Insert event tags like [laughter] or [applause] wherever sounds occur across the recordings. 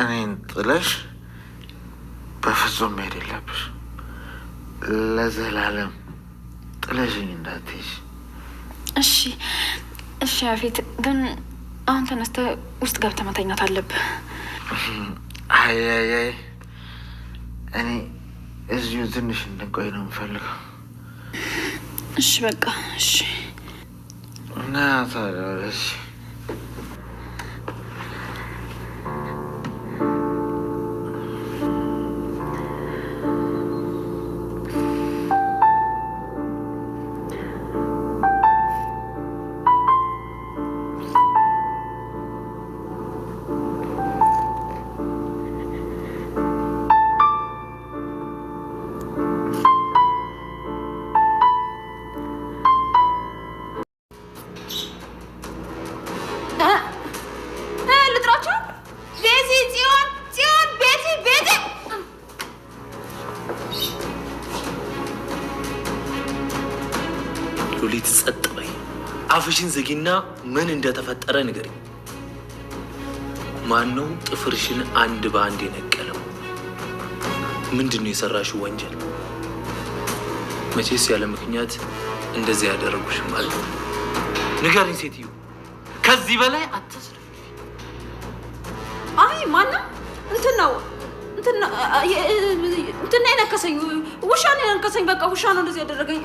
እኔን ጥለሽ በፍጹም መሄድ የለብሽ። ለዘላለም ጥለሽኝ እንዳትሄጂ። እሺ እሺ። ያፌት ግን አሁን ተነስተ ውስጥ ገብተህ መተኛት አለብህ። አያያይ እኔ እዚሁ ትንሽ እንድንቆይ ነው የምፈልገው። እሺ በቃ እሺ። እና ታዲያ አፍሽን ዝጊና ምን እንደተፈጠረ ንገሪ። ማነው ጥፍርሽን አንድ በአንድ የነቀለው? ምንድን ነው የሰራሽው ወንጀል? መቼስ ያለ ምክንያት እንደዚህ ያደረጉሽ ማለት ነው። ንገሪኝ ሴትዮ፣ ከዚህ በላይ አትስር። አይ ማነው? እንትን ነው እንትን የነከሰኝ፣ ውሻ ነው የነከሰኝ። በቃ ውሻ ነው እንደዚህ ያደረገኝ።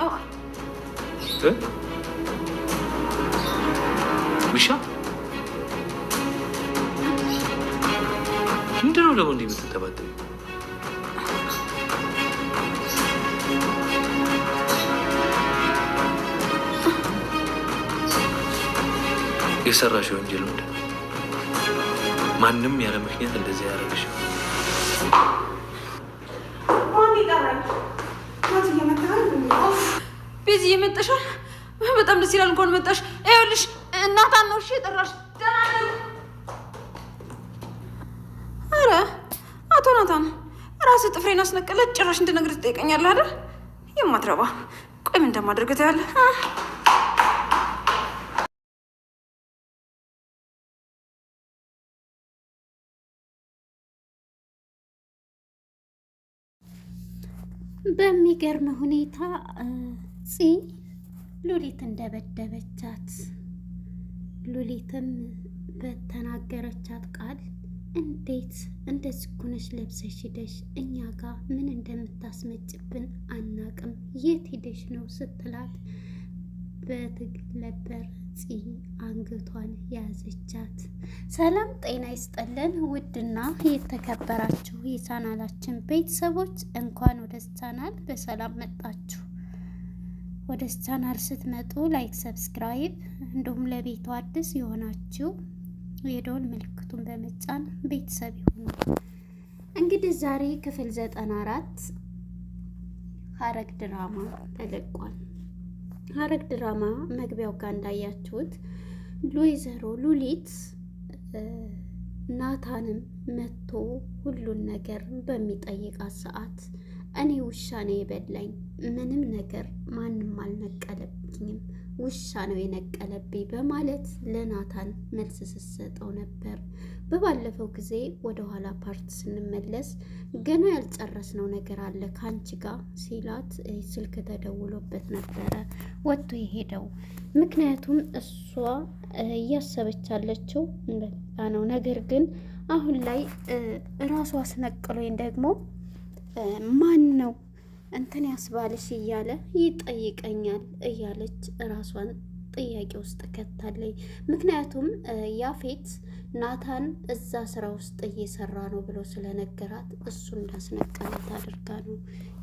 ምንድነው ደግሞ እንዲህ የምትተባጠሪ? የሰራሽ ወንጀል ወደ ማንም ያለ ምክንያት እንደዚህ ያደረግሽ ቤዚ፣ የመጣሻል በጣም ደስ ይላል። እንኳን መጣሽ። ይኸውልሽ እናታን ነው እሺ የጠራሽ አቶ ናታን ራስህ ጥፍሬን አስነቀለ ጭራሽ እንድነግር ትጠይቀኛለህ አይደል? የማትረባ ቆይ ምን እንደማደርግ ታያለህ። በሚገርም ሁኔታ ፂ ሉሊት እንደበደበቻት ሉሊትም በተናገረቻት ቃል እንዴት እንደዚህ ጉነሽ ለብሰሽ ሂደሽ እኛ ጋር ምን እንደምታስመጭብን አናቅም፣ የት ሂደሽ ነው ስትላት በትግል ነበር ፂ አንገቷን ያዘቻት። ሰላም ጤና ይስጠለን። ውድና የተከበራችሁ የቻናላችን ቤተሰቦች እንኳን ወደ ቻናል በሰላም መጣችሁ። ወደ ቻናል ስትመጡ ላይክ፣ ሰብስክራይብ እንዲሁም ለቤቱ አዲስ የሆናችሁ የደወል ምልክቱን በመጫን ቤተሰብ ይሁኑ። እንግዲህ ዛሬ ክፍል ዘጠና አራት ሐረግ ድራማ ተለቋል። ሐረግ ድራማ መግቢያው ጋር እንዳያችሁት ሉይዘሮ ሉሊት ናታንም መጥቶ ሁሉን ነገር በሚጠይቃት ሰዓት እኔ ውሻ ነው የበላኝ፣ ምንም ነገር ማንም አልነቀለብኝም ውሻ ነው የነቀለብኝ በማለት ለናታን መልስ ስትሰጠው ነበር። በባለፈው ጊዜ ወደ ኋላ ፓርት ስንመለስ ገና ያልጨረስነው ነገር አለ ከአንቺ ጋር ሲላት ስልክ ተደውሎበት ነበረ ወጥቶ የሄደው። ምክንያቱም እሷ እያሰበች ያለችው በቃ ነው። ነገር ግን አሁን ላይ ራሱ አስነቅሎኝ ደግሞ ማን ነው እንትን ያስባልሽ እያለ ይጠይቀኛል እያለች ራሷን ጥያቄ ውስጥ ከታለኝ። ምክንያቱም ያፌት ናታን እዛ ስራ ውስጥ እየሰራ ነው ብሎ ስለነገራት እሱ እንዳስነቀላት አድርጋ ነው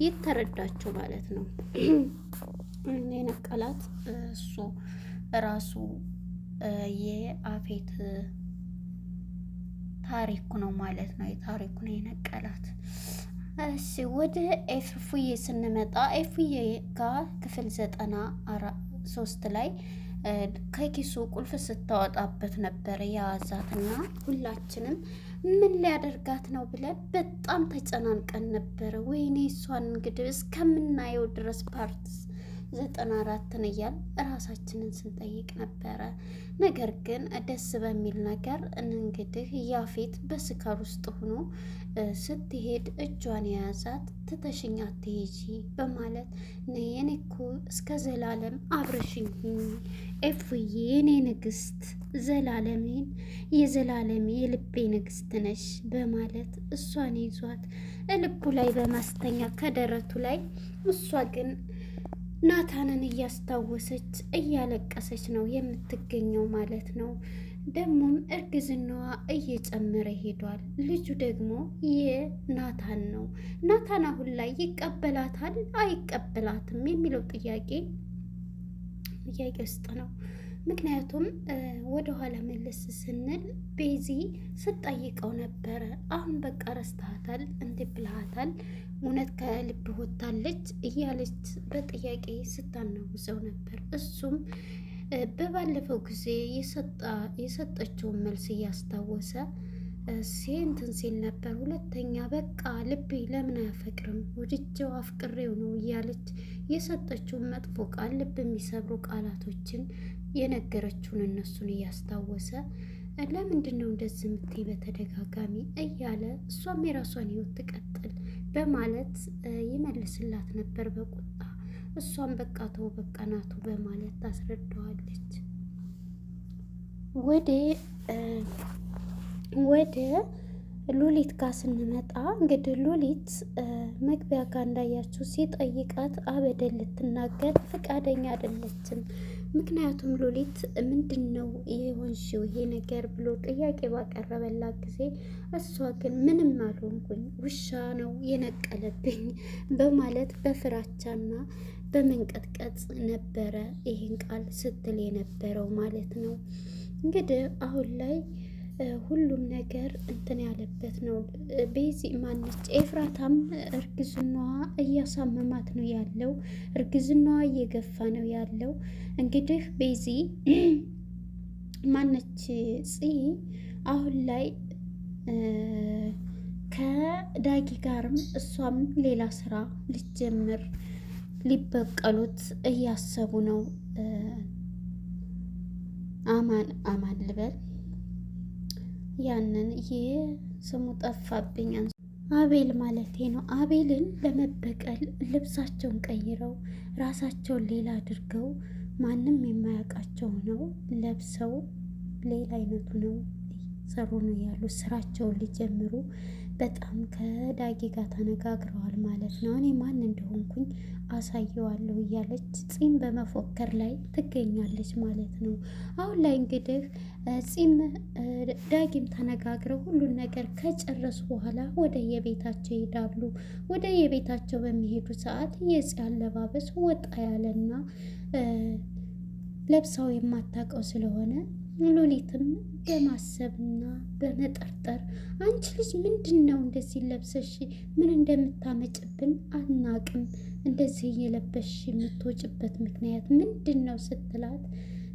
የተረዳችው ማለት ነው። የነቀላት እሱ ራሱ የአፌት ታሪኩ ነው ማለት ነው። የታሪኩ ነው የነቀላት እሺ ወደ ኤፍዬ ስንመጣ ኤፍዬ ጋር ክፍል ዘጠና ሶስት ላይ ከኪሱ ቁልፍ ስታወጣበት ነበረ የያዛትና ሁላችንም ምን ሊያደርጋት ነው ብለን በጣም ተጨናንቀን ነበረ። ወይኔ እሷን እንግዲህ እስከምናየው ድረስ ፓርት ዘጠና አራትን እያል እራሳችንን ስንጠይቅ ነበረ። ነገር ግን ደስ በሚል ነገር እንግዲህ ያፌት በስካር ውስጥ ሆኖ ስትሄድ እጇን የያዛት ትተሽኝ አትሄጂ በማለት ነየኔ እኮ እስከ ዘላለም አብረሽኝ ኤፉዬ የኔ ንግስት ዘላለሜን የዘላለሜ የልቤ ንግስት ነሽ በማለት እሷን ይዟት ልቡ ላይ በማስተኛ ከደረቱ ላይ እሷ ግን ናታንን እያስታወሰች እያለቀሰች ነው የምትገኘው ማለት ነው። ደግሞም እርግዝናዋ እየጨመረ ሄዷል። ልጁ ደግሞ የናታን ነው። ናታን አሁን ላይ ይቀበላታል አይቀበላትም የሚለው ጥያቄ ጥያቄ ውስጥ ነው። ምክንያቱም ወደኋላ መለስ ስንል ቤዚ ስጠይቀው ነበረ። አሁን በቃ ረስተሃታል፣ እንዲህ ብልሃታል፣ እውነት ከልብ ወታለች እያለች በጥያቄ ስታናውዘው ነበር። እሱም በባለፈው ጊዜ የሰጠችውን መልስ እያስታወሰ ሴንትን ሲል ነበር። ሁለተኛ በቃ ልቤ ለምን አያፈቅርም ውድጀው አፍቅሬው ነው እያለች የሰጠችውን መጥፎ ቃል ልብ የሚሰብሩ ቃላቶችን የነገረችውን እነሱን እያስታወሰ ለምንድን ነው እንደዚህ የምትይ በተደጋጋሚ እያለ እሷም የራሷን ህይወት ትቀጥል በማለት ይመልስላት ነበር በቁጣ። እሷም በቃ ተው በቃ ናቱ በማለት ታስረዳዋለች። ወደ ወደ ሉሊት ጋር ስንመጣ እንግዲህ ሉሊት መግቢያ ጋር እንዳያችሁ ሲጠይቃት አበደ ልትናገር ፍቃደኛ አይደለችም። ምክንያቱም ሉሊት ምንድን ነው የሆንሽው ይሄ ነገር ብሎ ጥያቄ ባቀረበላት ጊዜ እሷ ግን ምንም አልሆንኩኝ ውሻ ነው የነቀለብኝ በማለት በፍራቻና በመንቀጥቀጥ ነበረ ይህን ቃል ስትል የነበረው ማለት ነው። እንግዲህ አሁን ላይ ሁሉም ነገር እንትን ያለበት ነው። ቤዚ ማነች ኤፍራታም እርግዝናዋ እያሳመማት ነው ያለው፣ እርግዝናዋ እየገፋ ነው ያለው። እንግዲህ ቤዚ [clears throat] ማነች ጽ አሁን ላይ ከዳጊ ጋርም እሷም ሌላ ስራ ሊጀምር ሊበቀሉት እያሰቡ ነው። አማን አማን ልበል ያንን ይህ ስሙ ጠፋብኝ አቤል ማለቴ ነው። አቤልን ለመበቀል ልብሳቸውን ቀይረው ራሳቸውን ሌላ አድርገው ማንም የማያውቃቸው ነው ለብሰው ሌላ አይነቱ ነው እየሰሩ ነው ያሉት። ስራቸውን ሊጀምሩ በጣም ከዳጊ ጋር ተነጋግረዋል ማለት ነው። እኔ ማን እንደሆንኩኝ አሳየዋለሁ እያለች ፂም በመፎከር ላይ ትገኛለች ማለት ነው። አሁን ላይ እንግዲህ ጺም ዳጊም ተነጋግረው ሁሉን ነገር ከጨረሱ በኋላ ወደ የቤታቸው ይሄዳሉ። ወደ የቤታቸው በሚሄዱ ሰዓት የፂ አለባበስ ወጣ ያለና ለብሳው የማታውቀው ስለሆነ ሉሊትም በማሰብና በመጠርጠር አንቺ ልጅ ምንድን ነው እንደዚህ ለብሰሽ ምን እንደምታመጭብን አናቅም፣ እንደዚህ እየለበሽ የምትወጭበት ምክንያት ምንድን ነው ስትላት፣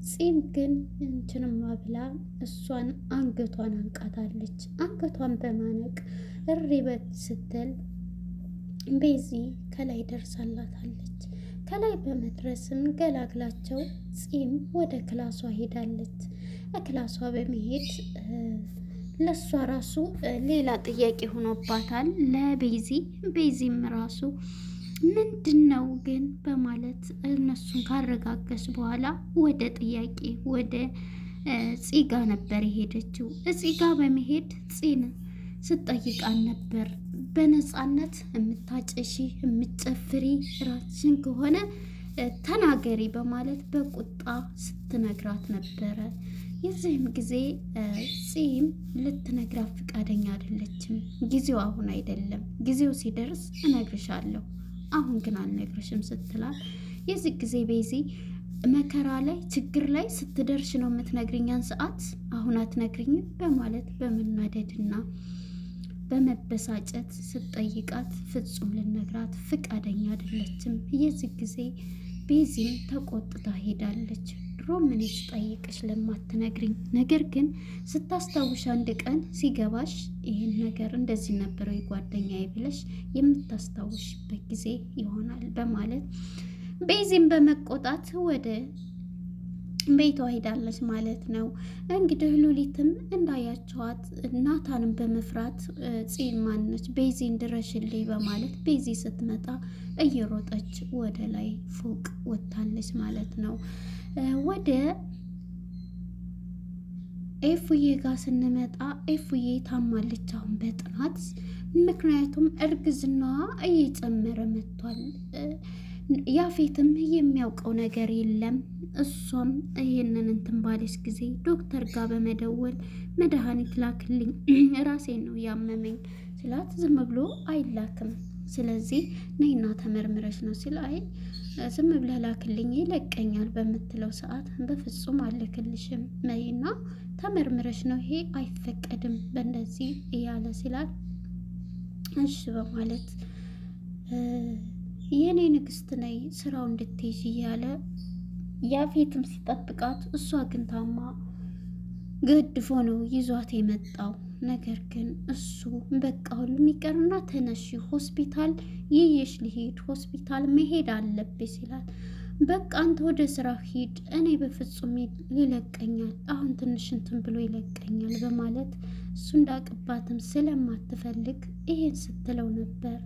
ፂም ግን እንችንማ ብላ እሷን አንገቷን አንቃታለች። አንገቷን በማነቅ እሪበት ስትል ቤዚ ከላይ ደርሳላታለች። ከላይ በመድረስም ገላግላቸው ፂም ወደ ክላሷ ሄዳለች። ክላሷ በመሄድ ለእሷ ራሱ ሌላ ጥያቄ ሆኖባታል። ለቤዚ ቤዚም ራሱ ምንድን ነው ግን በማለት እነሱን ካረጋገስ በኋላ ወደ ጥያቄ ወደ ፂጋ ነበር የሄደችው። ፂጋ በመሄድ ፂን ስጠይቃን ነበር በነፃነት የምታጨሺ የምጨፍሪ ራችን ከሆነ ተናገሪ በማለት በቁጣ ስትነግራት ነበረ። የዚህም ጊዜ ፂም ልትነግራት ፍቃደኛ አይደለችም። ጊዜው አሁን አይደለም፣ ጊዜው ሲደርስ እነግርሻለሁ፣ አሁን ግን አልነግርሽም ስትላል የዚህ ጊዜ ቤዚ መከራ ላይ ችግር ላይ ስትደርሽ ነው የምትነግርኛን ሰዓት አሁን አትነግርኝም በማለት በመናደድና በመበሳጨት ስትጠይቃት ፍጹም ልነግራት ፍቃደኛ አይደለችም። የዚህ ጊዜ ቤዚም ተቆጥታ ሄዳለች። ድሮ ምን ጠይቅሽ ለማትነግሪኝ ነገር ግን ስታስታውሽ አንድ ቀን ሲገባሽ ይህን ነገር እንደዚህ ነበረው ጓደኛ ብለሽ የምታስታውሽበት ጊዜ ይሆናል በማለት ቤዚን በመቆጣት ወደ ቤቷ ሄዳለች ማለት ነው። እንግዲህ ሉሊትም እንዳያቸዋት ናታንም በመፍራት ጽን ማነች ቤዚን ድረሽልኝ በማለት ቤዚ ስትመጣ እየሮጠች ወደ ላይ ፎቅ ወጥታለች ማለት ነው። ወደ ኤፉዬ ጋር ስንመጣ ኤፉዬ ታማለች አሁን በጥናት ምክንያቱም እርግዝና እየጨመረ መጥቷል። ያፌትም የሚያውቀው ነገር የለም። እሷም ይህንን እንትን ባለች ጊዜ ዶክተር ጋር በመደወል መድኃኒት ላክልኝ ራሴን ነው ያመመኝ ስላት ዝም ብሎ አይላክም። ስለዚህ ነይና ተመርምረሽ ነው ሲል አይ ዝም ብለህ ላክልኝ ይለቀኛል በምትለው ሰዓት በፍጹም አልክልሽም ነይና ተመርምረሽ ነው ይሄ አይፈቀድም በእንደዚህ እያለ ሲላል እሺ በማለት የእኔ ንግስት ነይ ስራው እንድትይዥ እያለ ያፌትም ሲጠብቃት እሷ ግን ታማ ገድፎ ነው ይዟት የመጣው። ነገር ግን እሱ በቃ ሁሉ የሚቀርና ተነሺ፣ ሆስፒታል ይዤሽ ልሂድ ሆስፒታል መሄድ አለብሽ ሲላት፣ በቃ አንተ ወደ ስራ ሂድ፣ እኔ በፍጹም ይለቀኛል፣ አሁን ትንሽ እንትን ብሎ ይለቀኛል በማለት እሱ እንዳቅባትም ስለማትፈልግ ይሄን ስትለው ነበር።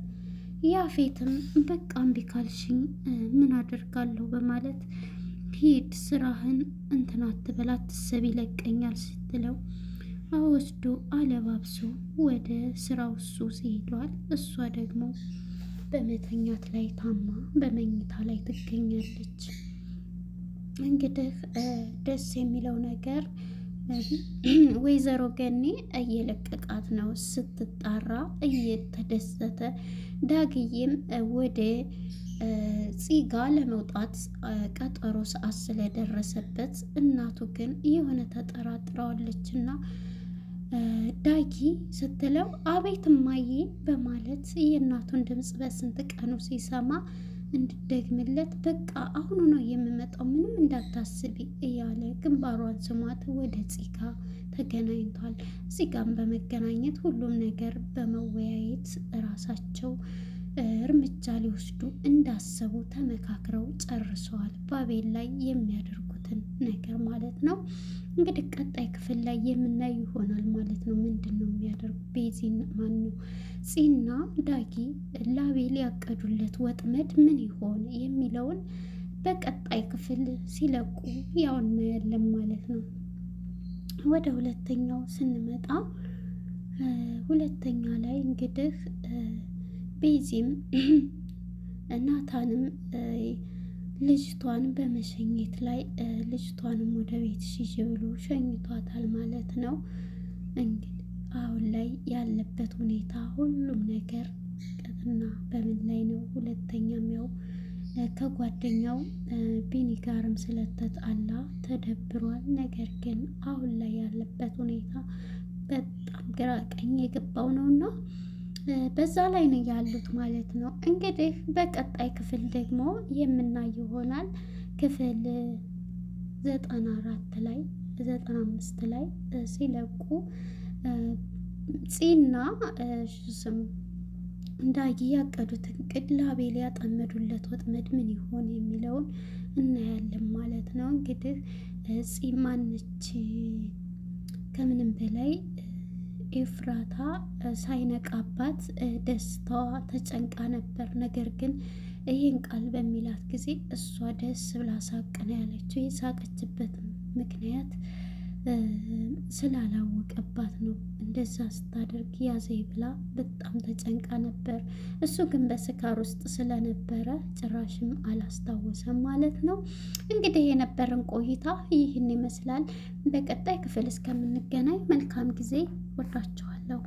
ያፌትም በቃ እምቢ ካልሽኝ ምን አደርጋለሁ በማለት ሂድ ስራህን እንትን አትበል አትሰብ ይለቀኛል ስትለው አወስዶ አለባብሶ ወደ ስራው እሱ ሲሄዷል። እሷ ደግሞ በመተኛት ላይ ታማ በመኝታ ላይ ትገኛለች። እንግዲህ ደስ የሚለው ነገር ወይዘሮ ገኔ እየለቀቃት ነው ስትጣራ እየተደሰተ ዳግዬም ወደ ፂጋ ለመውጣት ቀጠሮ ሰዓት ስለደረሰበት እናቱ ግን የሆነ ተጠራጥረዋለች ዳጊ ስትለው አቤት እማዬ በማለት የእናቱን ድምፅ በስንት ቀኑ ሲሰማ እንድደግምለት በቃ አሁኑ ነው የምመጣው፣ ምንም እንዳታስቢ እያለ ግንባሯን ስሟት ወደ ፂጋ ተገናኝቷል። ፂጋም በመገናኘት ሁሉም ነገር በመወያየት እራሳቸው እርምጃ ሊወስዱ እንዳሰቡ ተመካክረው ጨርሰዋል። ባቤል ላይ የሚያደርጉ ያለበትን ነገር ማለት ነው። እንግዲህ ቀጣይ ክፍል ላይ የምናየው ይሆናል ማለት ነው። ምንድን ነው የሚያደርጉ ቤዚን ማን ነው ጺና ዳጊ ላቤል ያቀዱለት ወጥመድ ምን ይሆን የሚለውን በቀጣይ ክፍል ሲለቁ ያው እናያለን ማለት ነው። ወደ ሁለተኛው ስንመጣ ሁለተኛ ላይ እንግዲህ ቤዚም [clears throat] ናታንም ልጅቷን በመሸኘት ላይ ልጅቷንም ወደ ቤት ሽሽ ብሎ ሸኝቷታል ማለት ነው። እንግዲህ አሁን ላይ ያለበት ሁኔታ ሁሉም ነገር ቀጥና በምን ላይ ነው። ሁለተኛም ያው ከጓደኛው ቢኒ ጋርም ስለተጣላ ተደብሯል። ነገር ግን አሁን ላይ ያለበት ሁኔታ በጣም ግራ ቀኝ የገባው ነውና በዛ ላይ ነው ያሉት ማለት ነው። እንግዲህ በቀጣይ ክፍል ደግሞ የምናይ ይሆናል። ክፍል ዘጠና አራት ላይ ዘጠና አምስት ላይ ሲለቁ ጺና ስም ዳጊ ያቀዱትን ቅድ ለአቤል ያጠመዱለት ወጥመድ ምን ይሆን የሚለውን እናያለን ማለት ነው። እንግዲህ ጺ ማነች ከምንም በላይ ኤፍራታ ሳይነቃባት ደስታዋ ተጨንቃ ነበር። ነገር ግን ይህን ቃል በሚላት ጊዜ እሷ ደስ ብላ ሳቅ ነው ያለችው። የሳቀችበት ምክንያት ስላላወቀባት ነው። እንደዛ ስታደርግ ያዘይ ብላ በጣም ተጨንቃ ነበር። እሱ ግን በስካር ውስጥ ስለነበረ ጭራሽም አላስታወሰም ማለት ነው። እንግዲህ የነበረን ቆይታ ይህን ይመስላል። በቀጣይ ክፍል እስከምንገናኝ መልካም ጊዜ ወዳችኋለሁ።